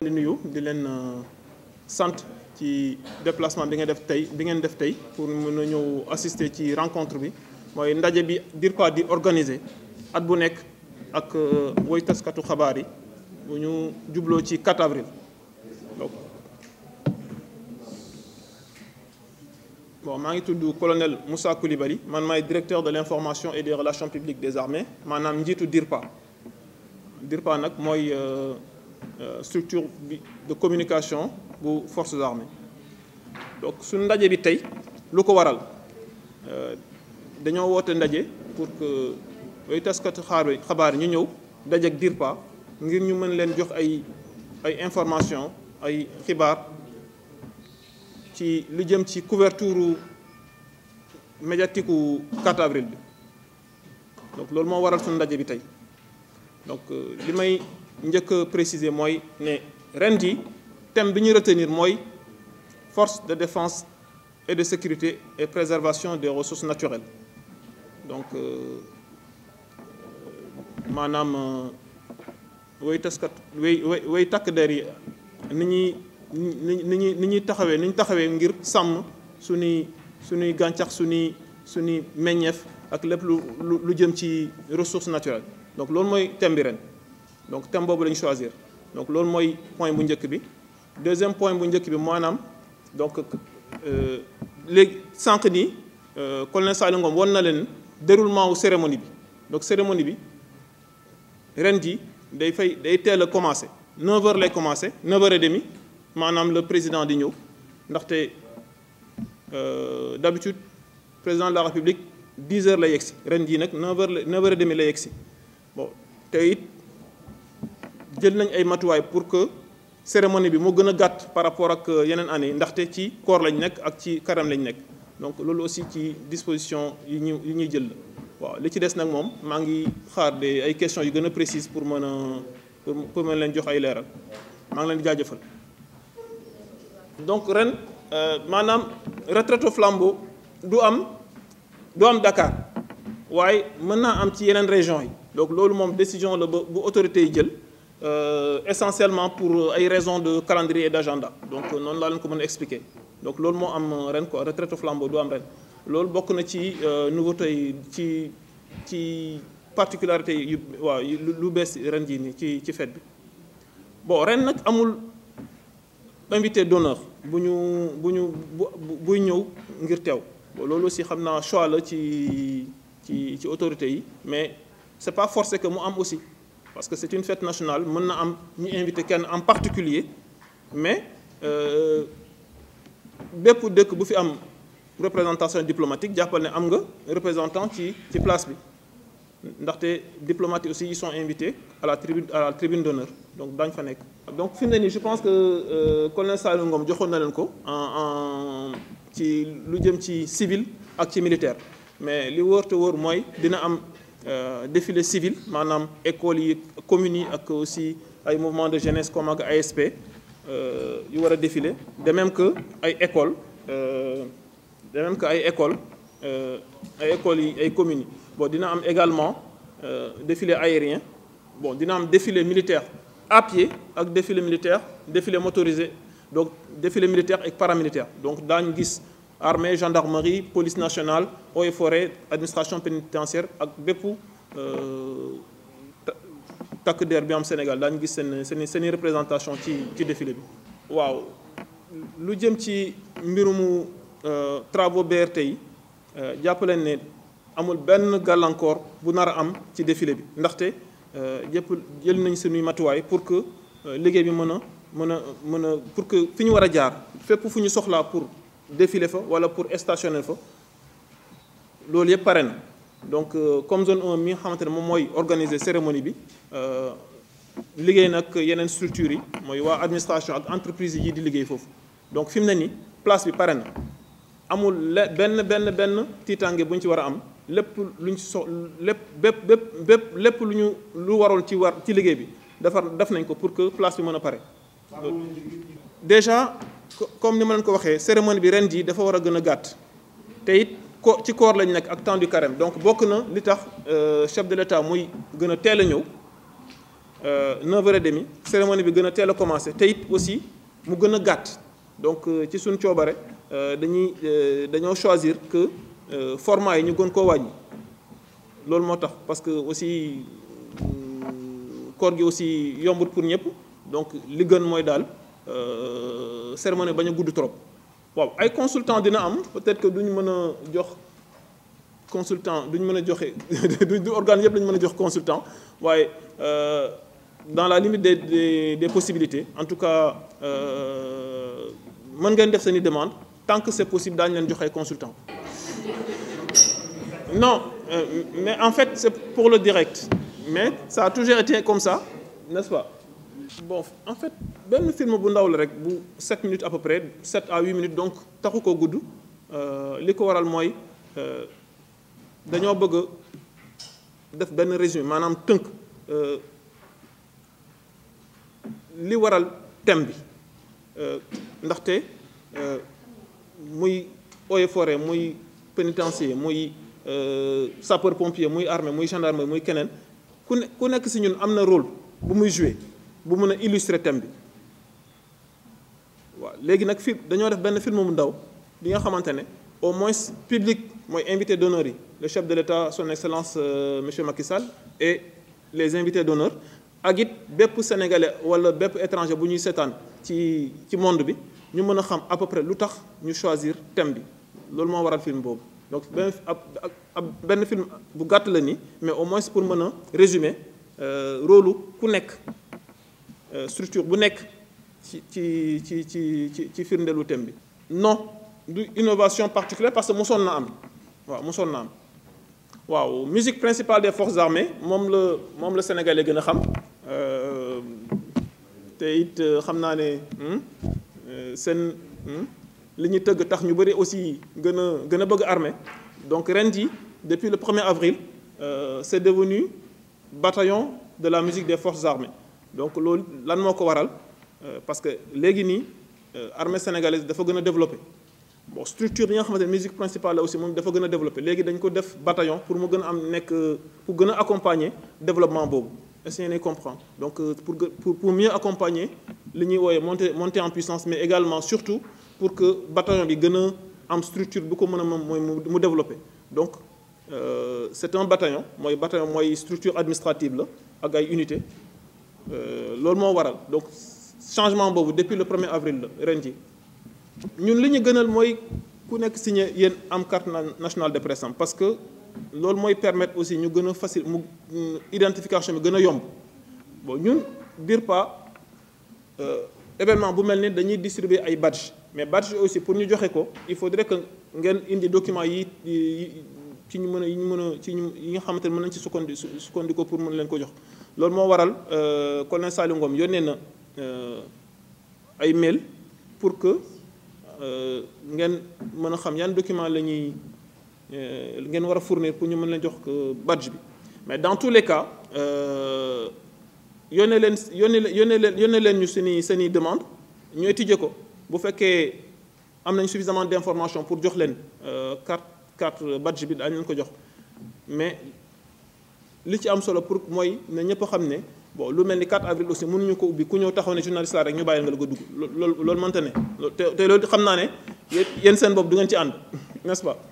di nuyu di len euh, sante ci déplacement bi nga def tay bi ngeen def tay pour mën a ñëw assister ci rencontre bi moy ndaje bi dir quoi di organiser at bu nek ak euh, woy taskatu xabaar yi bu ñu jublo ci 4 avril donc bon maa ngi tudd colonel Moussa Koulibaly, man maay directeur de l'information et des relations publiques des armées maanaam pas. DIRPA DIRPA nak mooy euh, euh, structure de communication bu forces armées donc ce ndaje bi tay lu ko waral euh, pour que les xaar xabar ñu DIRPA ngir ñu mën leen jox ay médiatique 4 avril donc lool mo donc euh, je que préciser thème retenir la force de défense et de sécurité et préservation des ressources naturelles donc euh, madame euh, oui, taskat way ni ni ni ressources naturelles donc lool donc thème boobu choisir donc c'est moy point bu njëkk bi deuxième point bu njëkk bi manam donc euh, le sànq euh colonel Saliou Ngom won déroulement cérémonie bi donc cérémonie bi ren di day fay day a commencé 9h lay commencé 9h30 manam le président di ñëw ndaxte euh, d'habitude président de la république 10h lay yexi ren 9h 9h30 lay yexi bon jël nañ ay matuwaay pour que cérémonie bi mo gëna gatt par rapport ak euh, yenen année té ci koor lañ nek ak ci karam lañ nek donc lolu aussi ci disposition yi ñu yi ñuy jël waaw li ci dess nak mom ma ngi xaar de ay questions yu gëna précises pour mëna pour mën leen jox ay léral ma ngi leen di donc ren euh, manam retraite flambeau du am du am Dakar waye mëna am ci yenen région yi donc lolu mom décision la bu autorité yi jël euh, essentiellement pour euh, ay raison de calendrier et d'agenda. donc euh, non laa leen ko mën expliquer donc loolu moo am euh, renko retraite flambeau du am ren loolu bokk na ci nouveauté qui ci ci particularité yu waaw lu bees bon ren amul invité d'honneur bu ñu bu ñu ngir bon aussi xam choix la ci ci ci autorité yi mais c'est pas forcé que nous am aussi parce que c'est une fête nationale on na invité en particulier mais euh, pour que bu fi am représentation diplomatique je ne un nga représentant qui est place Les diplomates aussi ils sont invités à la tribune tribune d'honneur donc Bangfanek. donc je pense que euh, colonel Saliou Ngom en civil ak militaire mais li qui est... dina am. Euh, défilé civil manam école yi communes aussi un mouvement de jeunesse comme ASP euh, yu aura défilé de même que école, euh, de même que école, écoles et écoles Bon, il communes a bon dina également défilé aérien bon a am défilé militaire à pied défilés défilé militaire défilé motorisé donc défilé militaire et paramilitaire donc dans une guise armée gendarmerie police nationale eaux et forêt administration pénitentiaire ak bépp euh, tak der bi am Sénégal daañu gis seen seen seen représentation ci ci défilé bi. waaw lu jëm ci euh travaux BRT yi euh, jàppaleen amul ben galancor bu nara am ci défilé bi ndaxte jëpp euh, jël nañ suñuy matuwaay pour que liggéey bi mën a mën pour que fiñu wara jaar fépp fuñu soxla pour défiler fa wala pour stationner fa loolu yëpp pare na donc euh, comme zone 1 mi nga xamante ne moom mooy organiser cérémonie bi euh, liggéey nag yeneen structures yi mooy waa administration ak entreprise yi di liggéey foofu donc fi mu ne nii place bi pare na amul le benn benn benn tiitaange bu ñu ci war a am lépp luñ ci lépp bépp bépp bépp lépp lu ñu lu ci war ci liggéey bi defar def nañ ko pour que place bi mën a pare déjà comme nous l'avons dit, la cérémonie de RENDI dafa te carême donc si na euh, chef de l'État muy avons 9h30 la cérémonie est gën a euh, commencé aussi mu se donc euh, ci choisir que format yi ñu gën parce que aussi koor est aussi yombut pour nous. donc li gën mooy euh, c'est bañ de gudd trop waaw ay consultant dina am peut-être que duñ mën a jox consultant duñ consultant euh, dans la limite des des, possibilités en tout cas euh, mën ngeen def demande tant que c'est possible daañu leen jox consultant non mais en fait c'est pour le direct mais ça a toujours été comme ça n'est-ce pas bon en fait le film bu ndaw 7 minutes à peu près 7 à 8 minutes donc taxuko Euh li ko euh, résumé euh, li waral thème bi euh, muy pénitencier muy sapeur pompier muy armée muy gendarmerie muy ku rôle bu muy bu mën a illustrer thème bi waaw léegi nag fi dañoo def benn film mu ndaw bi nga xamante au moins public mooy invité d'honneur yi le chef de l'État son excellence euh, monsieur Macky Sall et les invités d'honneur agit it bépp sénégalais wala bépp étrangers bu ñuy seetaan ci ci monde bi ñu mën a xam à peu près lu nous ñu choisir thème bi loolu moo waral film Bob. donc ben film bu gàtt la mais au moins pour mën a euh, rôle ku nekk. Euh, structure bu qui ci ci ci ci ci firndelu non du innovation particulière parce que mosoon na am Mousson mosoon na am musique principale des forces armées mom le mom le sénégalais gëna xam euh te it euh, xam naa ne hmm, euh, seen hmm, li liñu teug tax ñu bëri aussi gëna gëna bëgg armée donc Rendi, depuis le 1er avril c'est devenu bataillon de la musique des forces armées donc loolu lan moo ko waral euh, parce que léegi euh, armée sénégalaise dafa gën a développé bon structure bi nga xamante musique principale aussi moom dafa gën a développé léegi dañ ko def bataillon pour mu gën am pour accompagner développement boobu essayé de comprendre donc euh, pour pour pour mieux accompagner li ñuy monter monter en puissance mais également surtout pour que bataillon bi gën a am structure bu ko mën a mu donc c'est un bataillon mooy bataillon mooy structure administrative la ak unité euh, loolu moo waral donc changement boobu depuis le 1er avril la ren ji ñun li ñu gënal mooy ku nekk signé yéen am carte nationale de presse parce que loolu mooy permettre aussi ñu gën a facile mu euh, identification bi gën a yomb bon ñun dire pas euh, événement bu mel ni dañuy distribuer ay badge mais badge aussi pour ñu joxe ko il faudrait que ngeen indi document yi ci ñu mën a ñu mën a ci ñu yi nga xamante ne mën nañ ci sukkandi sukkandiku pour mën leen ko jox loolu moo waral euh, colonel Saliou Ngom yónnee na euh, ay mail pour que euh, ngeen mën a xam yan document la ñuy ngeen war a fournir pour ñu mën leen jox badge bi mais dans tous les cas yónnee leen yónnee yónnee leen yónnee leen ñu seeni seeni demande ñu étudier ko bu fekkee am nañ suffisamment d'information pour jox leen carte carte badge bi daañu leen ko jox mais li ci am solo pour mooy na ñëpp xam ne bon lu mel ni 4 avril aussi mënuñu ko ubbi ku ñëw taxaw ne journaliste la rek ñu bàyyi nga la ko dugg loolu lool mënta ne te te loolu xam naa ne yéen seen bopp du ngeen ci ànd n'est-ce